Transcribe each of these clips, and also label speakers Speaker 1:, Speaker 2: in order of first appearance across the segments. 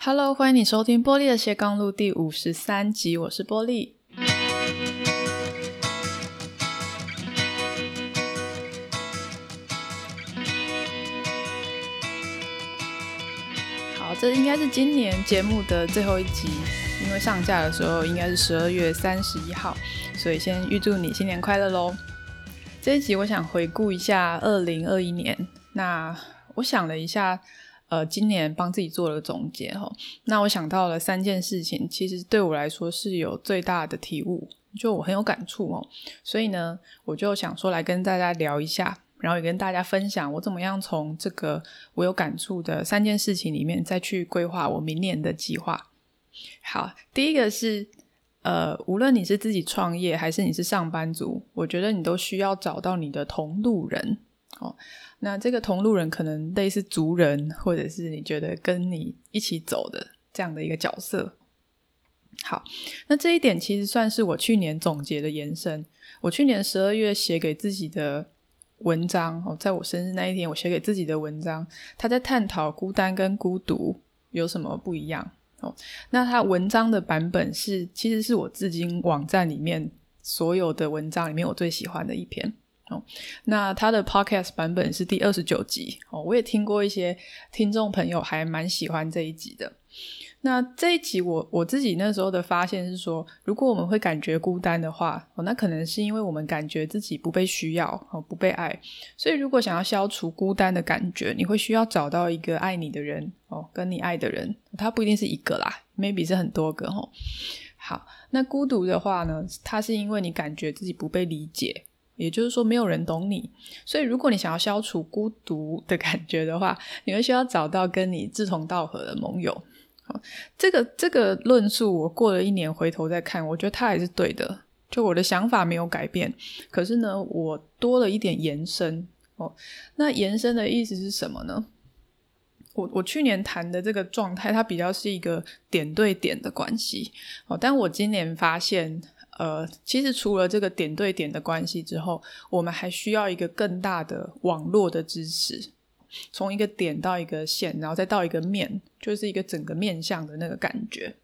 Speaker 1: Hello，歡迎你收聽《波莉的斜槓路》第五十三集，我是波莉。好，這應該是今年節目的最後一集，因為上架的時候應該是十二月三十一號，所以先預祝你新年快樂嘍！這一集我想回顧一下二零二一年，那我想了一下。呃，今年幫自己做了個總結齁，那我想到了三件事情，其實對我來說是有最大的體悟，就我很有感觸哦，所以呢，我就想說來跟大家聊一下，然後也跟大家分享我怎麼樣從這個我有感觸的三件事情裡面再去規劃我明年的計劃。好，第一個是，呃，無論你是自己創業還是你是上班族，我覺得你都需要找到你的同路人。哦，那這個同路人可能類似族人，或者是你覺得跟你一起走的這樣的一個角色。好，那這一點其實算是我去年總結的延伸。我去年十二月寫給自己的文章，哦，在我生日那一天，我寫給自己的文章，他在探討孤單跟孤獨有什麼不一樣。哦，那他文章的版本是，其實是我至今網站裡面所有的文章裡面我最喜歡的一篇。哦，那他的 Podcast 版本是第二十九集哦。我也聽過一些聽眾朋友還蠻喜歡這一集的。那這一集我我自己那時候的發現是說，如果我們會感覺孤單的話，哦，那可能是因為我們感覺自己不被需要哦，不被愛。所以如果想要消除孤單的感覺，你會需要找到一個愛你的人哦，跟你愛的人。他不一定是一個啦，maybe 是很多個哦。好，那孤獨的話呢，他是因為你感覺自己不被理解。也就是說，沒有人懂你，所以如果你想要消除孤獨的感覺的話，你會需要找到跟你志同道合的盟友。好，這個這個論述，我過了一年回頭再看，我覺得它還是對的。就我的想法沒有改變，可是呢，我多了一點延伸。哦，那延伸的意思是什麼呢？我我去年談的這個狀態，它比較是一個點對點的關係。哦，但我今年發現。呃，其實除了這個點對點的關係之後，我們還需要一個更大的網絡的支持，從一個點到一個線，然後再到一個面，就是一個整個面向的那個感覺。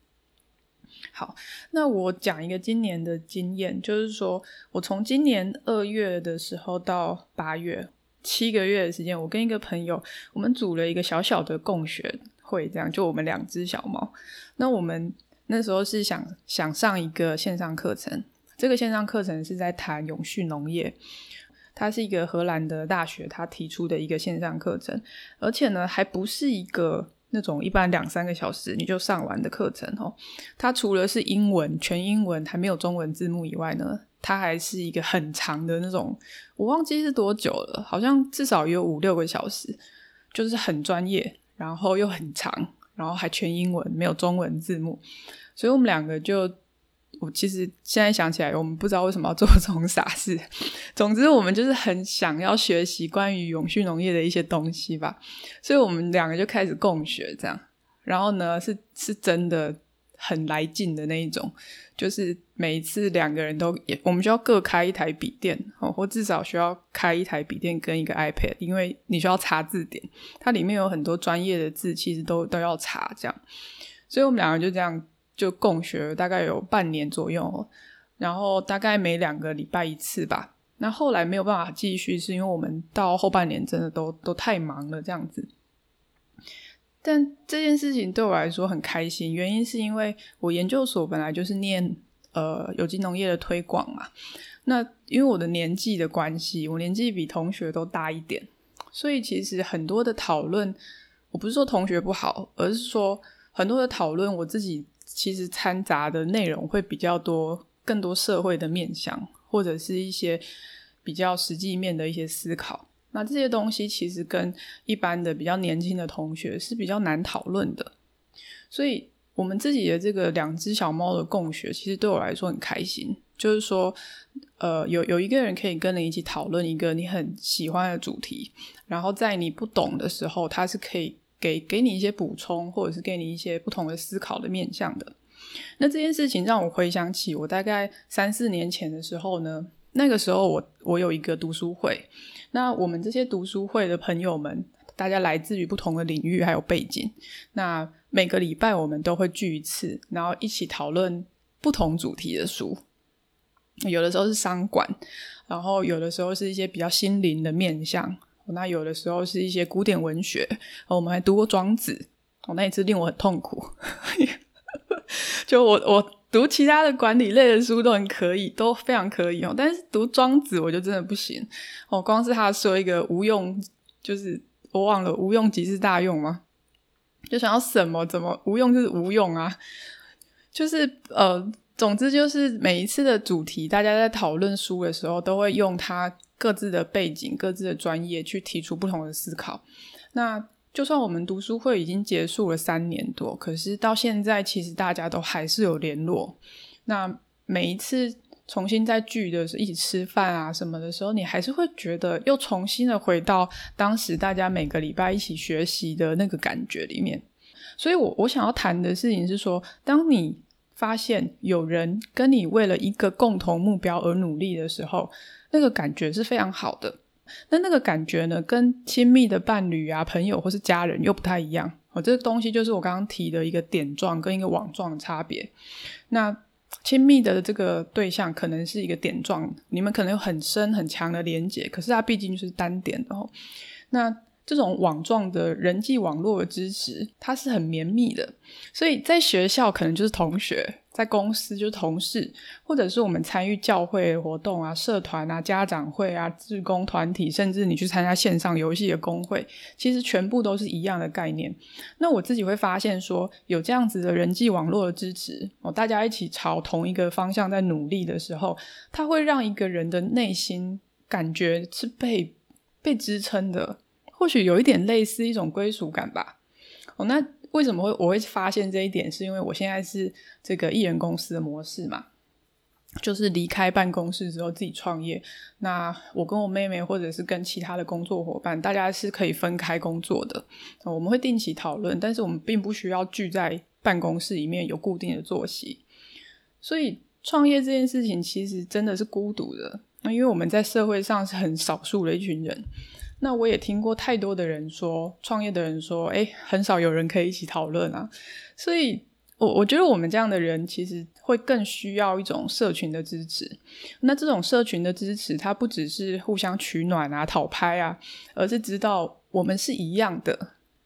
Speaker 1: 好，那我講一個今年的經驗，就是說我從今年二月的時候到八月七個月的時間，我跟一個朋友，我們組了一個小小的共學會，這樣，就我們兩隻小貓，那我們。那時候是想想上一個線上課程，這個線上課程是在談永續農業，它是一個荷蘭的大學，它提出的一個線上課程，而且呢還不是一個那種一般兩三個小時你就上完的課程哦，它除了是英文全英文還沒有中文字幕以外呢，它還是一個很長的那種，我忘記是多久了，好像至少有五六個小時，就是很專業，然後又很長。然後還全英文，沒有中文字幕，所以我們兩個就……我其實現在想起來，我們不知道為什麼要做這種傻事。總之，我們就是很想要學習關於永續農業的一些東西吧，所以我們兩個就開始共學這樣。然後呢，是是真的很來勁的那一種，就是。每一次兩個人都也，我們需要各開一台筆電，哦，或至少需要開一台筆電跟一個 iPad，因為你需要查字典，它裡面有很多專業的字，其實都都要查這樣。所以我們兩個就這樣就共學了，大概有半年左右，然後大概每兩個禮拜一次吧。那後來沒有辦法繼續，是因為我們到後半年真的都都太忙了這樣子。但這件事情對我來說很開心，原因是因為我研究所本來就是念。呃，有機農業的推廣嘛、啊，那因為我的年紀的關係，我年紀比同學都大一點，所以其實很多的討論，我不是說同學不好，而是說很多的討論，我自己其實摻雜的內容會比較多，更多社會的面向，或者是一些比較實際面的一些思考。那這些東西其實跟一般的比較年輕的同學是比較難討論的，所以。我們自己的這個兩隻小貓的共學，其實對我來說很開心。就是說，呃，有有一個人可以跟你一起討論一個你很喜歡的主題，然後在你不懂的時候，他是可以給給你一些補充，或者是給你一些不同的思考的面向的。那這件事情讓我回想起我大概三四年前的時候呢，那個時候我我有一個讀書會，那我們這些讀書會的朋友們，大家來自於不同的領域還有背景，那。每個禮拜我們都會聚一次，然後一起討論不同主題的書。有的時候是商管，然後有的時候是一些比較心靈的面向。那有的時候是一些古典文學，我們還讀過《莊子》。哦，那一次令我很痛苦， 就我我讀其他的管理類的書都很可以，都非常可以哦。但是讀《莊子》我就真的不行哦。光是他說一個“無用”，就是我忘了“無用即是大用”嗎？就想要什麼怎麼無用就是無用啊，就是呃，總之就是每一次的主題，大家在討論書的時候，都會用它各自的背景、各自的專業去提出不同的思考。那就算我們讀書會已經結束了三年多，可是到現在其實大家都還是有聯絡。那每一次。重新再聚的是一起吃飯啊什麼的時候，你還是會覺得又重新的回到當時大家每個禮拜一起學習的那個感覺裡面。所以我，我我想要談的事情是說，當你發現有人跟你為了一個共同目標而努力的時候，那個感覺是非常好的。那那個感覺呢，跟親密的伴侶啊、朋友或是家人又不太一樣。我、哦、這個東西就是我剛剛提的一個點狀跟一個網狀的差別。那。親密的這個對象可能是一個點狀，你們可能有很深很強的連接，可是它畢竟就是單點的哦。那這種網狀的人際網絡的支持，它是很綿密的，所以在學校可能就是同學。在公司，就是同事，或者是我們參與教會活動啊、社團啊、家長會啊、志工團體，甚至你去參加線上遊戲的公會，其實全部都是一樣的概念。那我自己會發現說，說有這樣子的人際網絡的支持哦，大家一起朝同一個方向在努力的時候，它會讓一個人的內心感覺是被被支撐的，或許有一點類似一種歸屬感吧。哦，那。為什麼會我會發現這一點，是因為我現在是這個一人公司的模式嘛，就是離開辦公室之後自己創業。那我跟我妹妹，或者是跟其他的工作夥伴，大家是可以分開工作的。我們會定期討論，但是我們並不需要聚在辦公室裡面有固定的作息。所以創業這件事情其實真的是孤獨的，那因為我們在社會上是很少數的一群人。那我也聽過太多的人說，創業的人說，哎，很少有人可以一起討論啊。所以，我我覺得我們這樣的人其實會更需要一種社群的支持。那這種社群的支持，它不只是互相取暖啊、討拍啊，而是知道我們是一樣的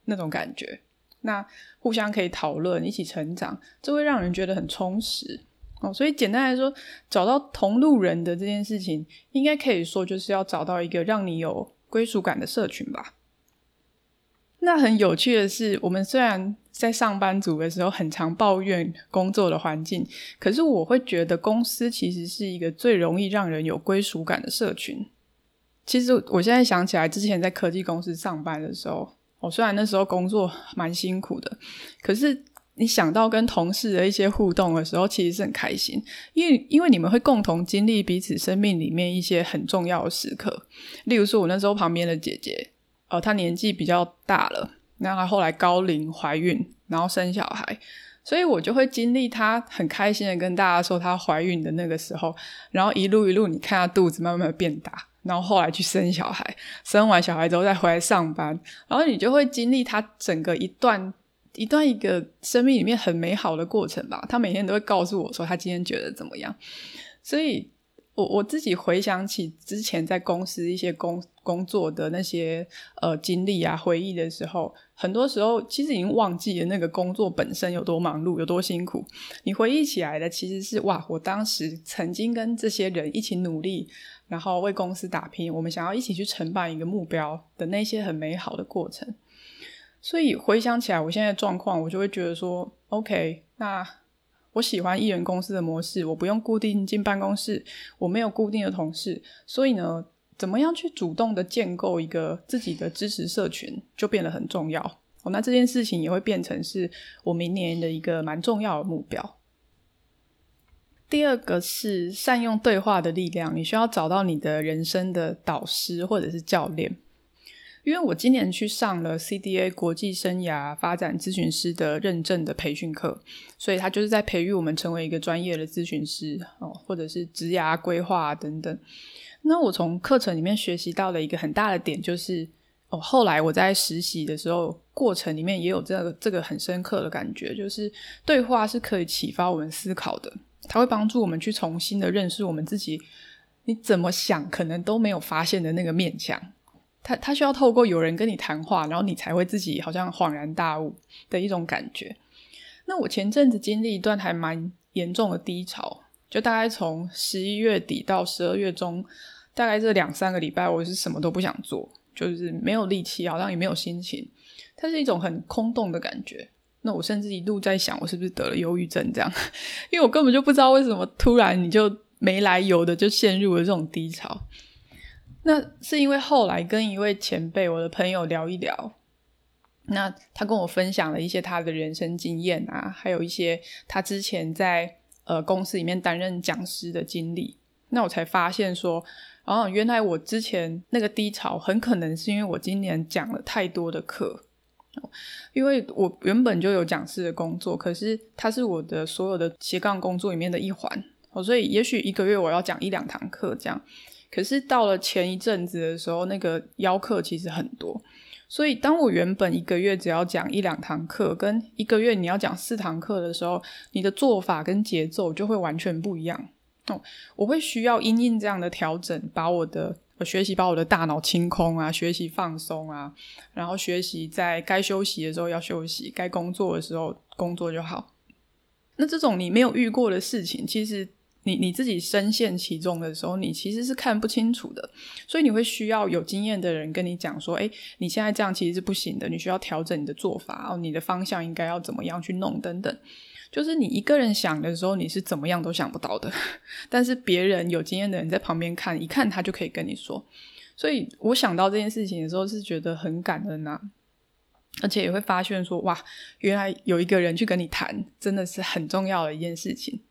Speaker 1: 那種感覺。那互相可以討論、一起成長，這會讓人覺得很充實哦。所以，簡單來說，找到同路人的這件事情，應該可以說就是要找到一個讓你有歸屬感的社群吧。那很有趣的是，我們雖然在上班族的時候很常抱怨工作的環境，可是我會覺得公司其實是一個最容易讓人有歸屬感的社群。其實我現在想起來，之前在科技公司上班的時候，我雖然那時候工作蠻辛苦的，可是……你想到跟同事的一些互動的時候，其實是很開心，因為因為你們會共同經歷彼此生命裡面一些很重要的時刻。例如說，我那時候旁邊的姐姐，呃，她年紀比較大了，然後她後來高齡懷孕，然後生小孩，所以我就會經歷她很開心的跟大家說她懷孕的那個時候，然後一路一路你看她肚子慢慢的變大，然後後來去生小孩，生完小孩之後再回來上班，然後你就會經歷她整個一段。一段一個生命裡面很美好的過程吧。他每天都會告訴我說他今天覺得怎麼樣。所以，我我自己回想起之前在公司一些工工作的那些呃經歷啊回憶的時候，很多時候其實已經忘記了那個工作本身有多忙碌、有多辛苦。你回憶起來的其實是哇，我當時曾經跟這些人一起努力，然後為公司打拼，我們想要一起去承辦一個目標的那些很美好的過程。所以回想起來，我現在的狀況，我就會覺得說，OK，那我喜歡一人公司的模式，我不用固定進辦公室，我沒有固定的同事，所以呢，怎麼樣去主動的建構一個自己的支持社群，就變得很重要。哦，那這件事情也會變成是我明年的一個蠻重要的目標。第二個是善用對話的力量，你需要找到你的人生的導師或者是教練。因為我今年去上了 CDA 國際生涯發展諮詢師的認證的培訓課，所以他就是在培育我們成為一個專業的諮詢師哦，或者是職涯規劃等等。那我從課程裡面學習到了一個很大的點，就是哦，後來我在實習的時候過程裡面也有這個這個很深刻的感覺，就是對話是可以啟發我們思考的，它會幫助我們去重新的認識我們自己，你怎麼想可能都沒有發現的那個面向。他他需要透過有人跟你談話，然後你才會自己好像恍然大悟的一種感覺。那我前陣子經歷一段還蠻嚴重的低潮，就大概從十一月底到十二月中，大概這兩三個禮拜，我是什麼都不想做，就是沒有力氣，好像也沒有心情。它是一種很空洞的感覺。那我甚至一度在想，我是不是得了憂鬱症這樣？因為我根本就不知道為什麼突然你就沒來由的就陷入了這種低潮。那是因為後來跟一位前輩，我的朋友聊一聊，那他跟我分享了一些他的人生經驗啊，還有一些他之前在呃公司裡面擔任講師的經歷。那我才發現說，哦，原來我之前那個低潮，很可能是因為我今年講了太多的課，因為我原本就有講師的工作，可是他是我的所有的斜槓工作裡面的一環，所以也許一個月我要講一兩堂課這樣。可是到了前一陣子的時候，那個邀課其實很多，所以當我原本一個月只要講一兩堂課，跟一個月你要講四堂課的時候，你的做法跟節奏就會完全不一樣。哦，我會需要因應這樣的調整，把我的我學習、把我的大腦清空啊，學習放鬆啊，然後學習在該休息的時候要休息，該工作的時候工作就好。那這種你沒有遇過的事情，其實。你你自己深陷其中的時候，你其實是看不清楚的，所以你會需要有經驗的人跟你講說：“哎，你現在這樣其實是不行的，你需要調整你的做法哦，你的方向應該要怎麼樣去弄等等。”就是你一個人想的時候，你是怎麼樣都想不到的。但是別人有經驗的人在旁邊看一看，他就可以跟你說。所以我想到這件事情的時候，是覺得很感恩啊，而且也會發現說：“哇，原來有一個人去跟你談，真的是很重要的一件事情。”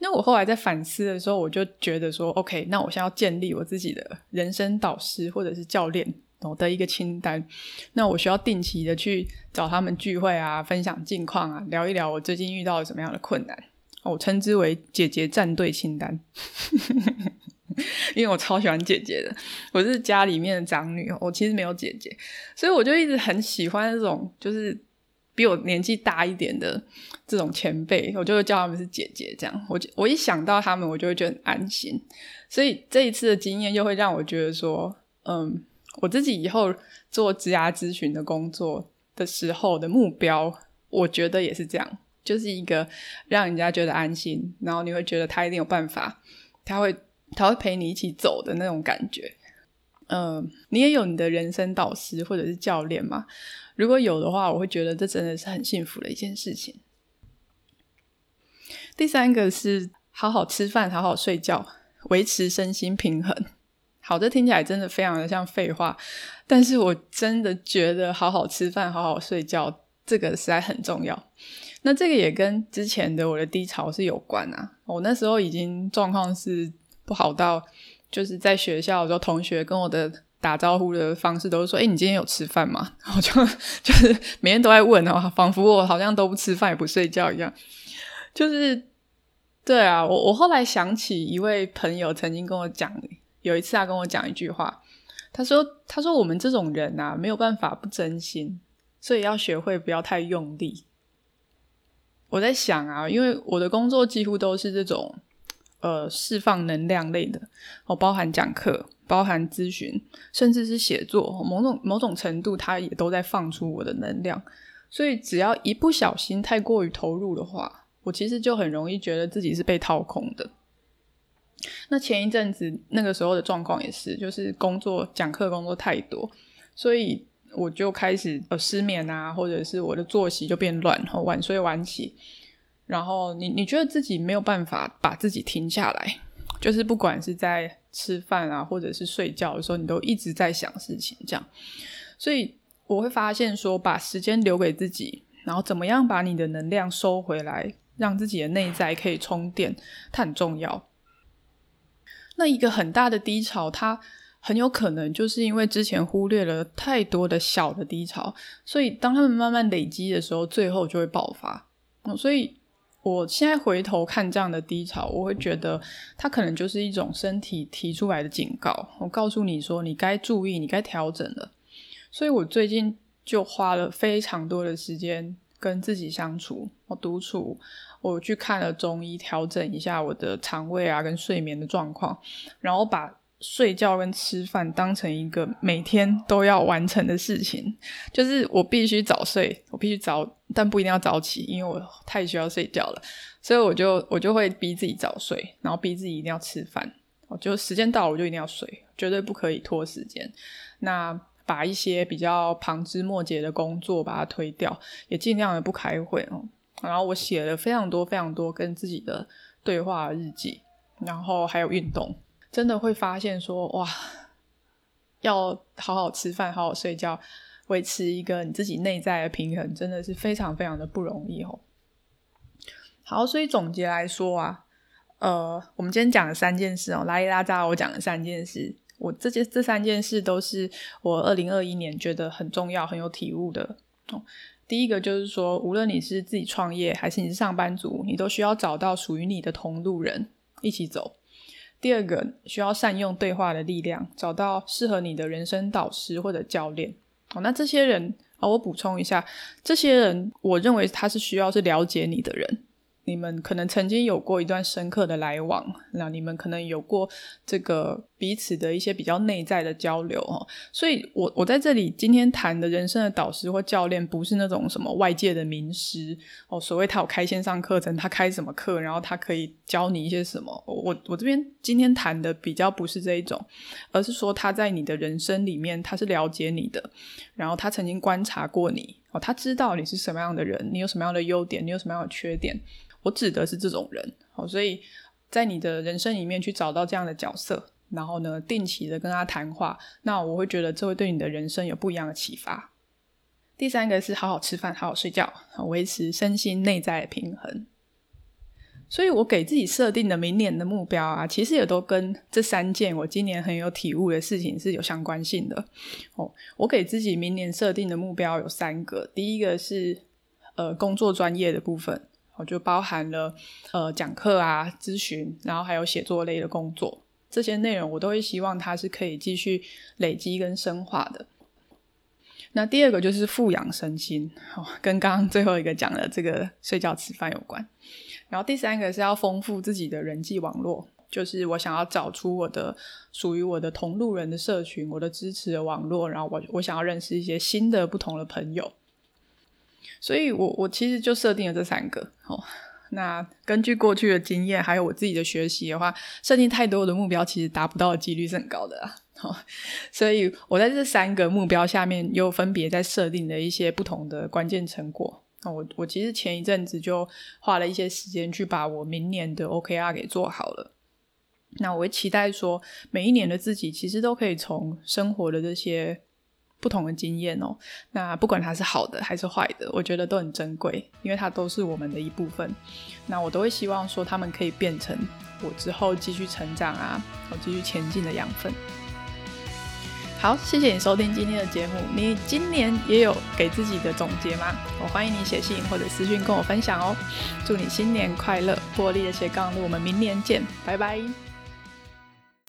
Speaker 1: 那我後來在反思的時候，我就覺得說，OK，那我現在要建立我自己的人生導師或者是教練我的一個清單。那我需要定期的去找他們聚會啊，分享近況啊，聊一聊我最近遇到了什麼樣的困難。我稱之為姐姐戰隊清單， 因為我超喜歡姐姐的。我是家裡面的長女，我其實沒有姐姐，所以我就一直很喜歡這種，就是。比我年紀大一點的這種前輩，我就會叫他們是姐姐。這樣，我我一想到他們，我就會覺得很安心。所以這一次的經驗，又會讓我覺得說，嗯，我自己以後做職涯諮詢的工作的時候的目標，我覺得也是這樣，就是一個讓人家覺得安心，然後你會覺得他一定有辦法，他會他會陪你一起走的那種感覺。嗯，你也有你的人生導師或者是教練嗎？如果有的話，我會覺得這真的是很幸福的一件事情。第三個是好好吃飯，好好睡覺，維持身心平衡。好，這聽起來真的非常的像廢話，但是我真的覺得好好吃飯，好好睡覺，這個實在很重要。那這個也跟之前的我的低潮是有關啊。我那時候已經狀況是不好到。就是在學校的時候，同學跟我的打招呼的方式都是說：“欸，你今天有吃飯嗎？”我就就是每天都在問哦，仿佛我好像都不吃飯也不睡覺一樣。就是對啊，我我後來想起一位朋友曾經跟我講，有一次他跟我講一句話，他說：“他說我們這種人吶，沒有辦法不真心，所以要學會不要太用力。”我在想啊，因為我的工作幾乎都是這種。呃，釋放能量類的，包含講課，包含諮詢，甚至是寫作，哦，某種某種程度，它也都在放出我的能量。所以，只要一不小心太過於投入的話，我其實就很容易覺得自己是被掏空的。那前一陣子那個時候的狀況也是，就是工作講課工作太多，所以我就開始呃失眠啊，或者是我的作息就變亂，然後，哦，晚睡晚起。然後你你覺得自己沒有辦法把自己停下來，就是不管是在吃飯啊，或者是睡覺的時候，你都一直在想事情，這樣。所以我會發現說，把時間留給自己，然後怎麼樣把你的能量收回來，讓自己的內在可以充電，它很重要。那一個很大的低潮，它很有可能就是因為之前忽略了太多的小的低潮，所以當它們慢慢累積的時候，最後就會爆發。嗯，所以。我現在回頭看這樣的低潮，我會覺得它可能就是一種身體提出來的警告，我告訴你說你該注意，你該調整了。所以我最近就花了非常多的時間跟自己相處，我獨處，我去看了中醫，調整一下我的腸胃啊跟睡眠的狀況，然後把。睡覺跟吃飯當成一個每天都要完成的事情，就是我必須早睡，我必須早，但不一定要早起，因為我太需要睡覺了，所以我就我就會逼自己早睡，然後逼自己一定要吃飯。我就時間到了，我就一定要睡，絕對不可以拖時間。那把一些比較旁枝末節的工作把它推掉，也儘量的不開會哦、嗯。然後我寫了非常多非常多跟自己的對話的日記，然後還有運動。真的會發現說哇，要好好吃飯，好好睡覺，維持一個你自己內在的平衡，真的是非常非常的不容易吼、哦。好，所以總結來說啊，呃，我們今天講了三件事哦，拉哩拉雜，我講了三件事，我這些這三件事都是我二零二一年覺得很重要、很有體悟的哦。第一個就是說，無論你是自己創業還是你是上班族，你都需要找到屬於你的同路人一起走。第二個需要善用對話的力量，找到適合你的人生導師或者教練。哦，那這些人啊，哦，我補充一下，這些人我認為他是需要是了解你的人。你們可能曾經有過一段深刻的來往，那你們可能有過這個彼此的一些比較內在的交流哦。所以，我我在這裡今天談的人生的導師或教練，不是那種什麼外界的名師哦。所謂他有開線上課程，他開什麼課，然後他可以教你一些什麼。我我這邊今天談的比較不是這一種，而是說他在你的人生裡面，他是了解你的，然後他曾經觀察過你哦，他知道你是什麼樣的人，你有什麼樣的優點，你有什麼樣的缺點。我指的是這種人，好，所以在你的人生裡面去找到這樣的角色，然後呢，定期的跟他談話，那我會覺得這會對你的人生有不一樣的啟發。第三個是好好吃飯，好好睡覺，維持身心內在的平衡。所以我給自己設定的明年的目標啊，其實也都跟這三件我今年很有體悟的事情是有相關性的。哦，我給自己明年設定的目標有三個，第一個是呃，工作專業的部分。我就包含了，呃，講課啊、諮詢，然後還有寫作類的工作，這些內容我都會希望它是可以繼續累積跟深化的。那第二個就是富養身心，哦，跟剛剛最後一個講的這個睡覺、吃飯有關。然後第三個是要豐富自己的人際網絡，就是我想要找出我的屬於我的同路人的社群，我的支持的網絡，然後我我想要認識一些新的、不同的朋友。所以我，我我其實就設定了這三個。哦。那根據過去的經驗，還有我自己的學習的話，設定太多的目標，其實達不到的幾率是很高的啦。好、哦，所以我在這三個目標下面，又分別在設定了一些不同的關鍵成果。那、哦、我我其實前一陣子就花了一些時間去把我明年的 OKR、OK，給做好了。那我會期待說，每一年的自己其實都可以從生活的這些。不同的經驗哦、喔，那不管它是好的還是壞的，我覺得都很珍貴，因為它都是我們的一部分。那我都會希望說，它們可以變成我之後繼續成長啊，我繼續前進的養分。好，謝謝你收聽今天的節目。你今年也有給自己的總結嗎？我歡迎你寫信或者私訊跟我分享哦、喔。祝你新年快樂，波莉的斜槓路，我們明年見，拜拜。